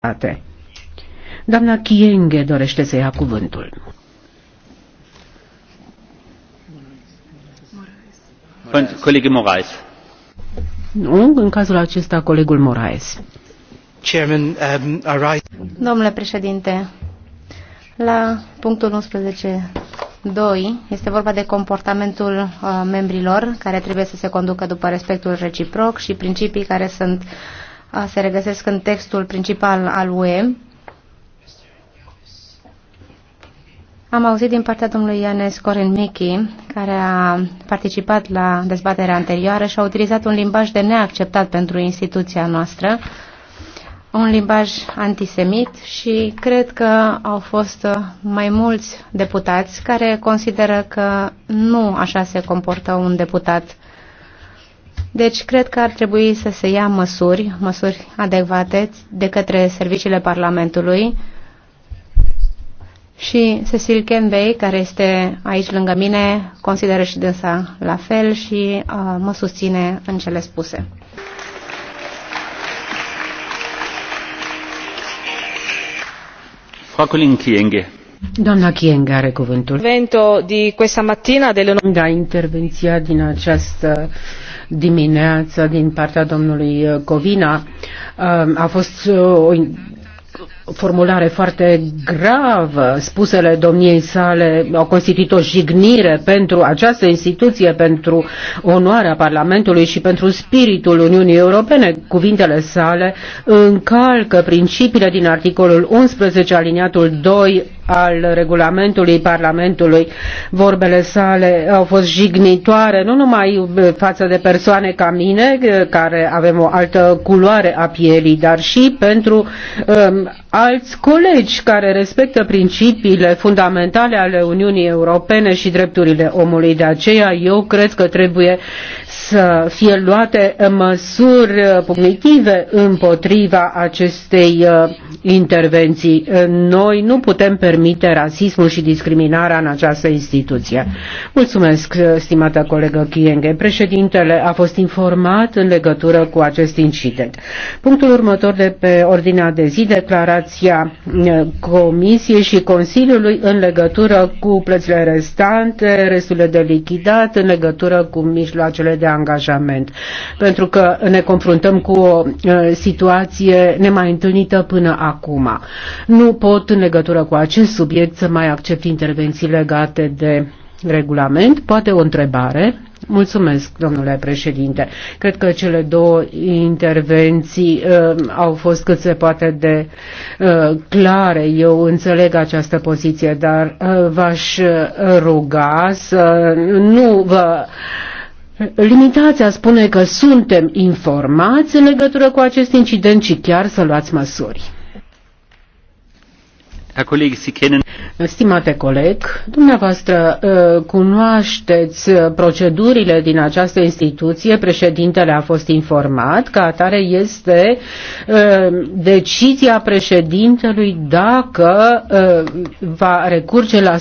date. Doamna Chienghe dorește să ia cuvântul. Colegul Moraes. Nu, în cazul acesta colegul Moraes. Chairman, um, right. Domnule președinte, la punctul 11.2 este vorba de comportamentul uh, membrilor care trebuie să se conducă după respectul reciproc și principii care sunt uh, se regăsesc în textul principal al UE. Am auzit din partea domnului Ianes Corin Michi, care a participat la dezbaterea anterioară și a utilizat un limbaj de neacceptat pentru instituția noastră, un limbaj antisemit și cred că au fost mai mulți deputați care consideră că nu așa se comportă un deputat deci, cred că ar trebui să se ia măsuri, măsuri adecvate de către serviciile Parlamentului și Cecil Kenbey, care este aici lângă mine, consideră și dânsa la fel și uh, mă susține în cele spuse. Doamna Chienghe are cuvântul. Vento di questa mattina delle... Da, intervenția din această dimineață din partea domnului Covina. A fost uh, o formulare foarte gravă. Spusele domniei sale au constituit o jignire pentru această instituție, pentru onoarea Parlamentului și pentru spiritul Uniunii Europene. Cuvintele sale încalcă principiile din articolul 11 aliniatul 2 al regulamentului Parlamentului. Vorbele sale au fost jignitoare, nu numai față de persoane ca mine, care avem o altă culoare a pielii, dar și pentru um, alți colegi care respectă principiile fundamentale ale Uniunii Europene și drepturile omului. De aceea eu cred că trebuie să fie luate măsuri punitive împotriva acestei uh, intervenții. Noi nu putem permite rasismul și discriminarea în această instituție. Mulțumesc, stimată colegă Chienghe. Președintele a fost informat în legătură cu acest incident. Punctul următor de pe ordinea de zi, declarația eh, Comisiei și Consiliului în legătură cu plățile restante, resturile de lichidat, în legătură cu mijloacele de angajament. Pentru că ne confruntăm cu o eh, situație nemai întâlnită până acum acum. Nu pot în legătură cu acest subiect să mai accept intervenții legate de regulament. Poate o întrebare? Mulțumesc, domnule președinte. Cred că cele două intervenții uh, au fost cât se poate de uh, clare. Eu înțeleg această poziție, dar uh, v-aș uh, ruga să nu vă limitați a spune că suntem informați în legătură cu acest incident și chiar să luați măsuri. Stimate coleg, dumneavoastră uh, cunoașteți uh, procedurile din această instituție, președintele a fost informat, ca atare este uh, decizia președintelui dacă va recurge la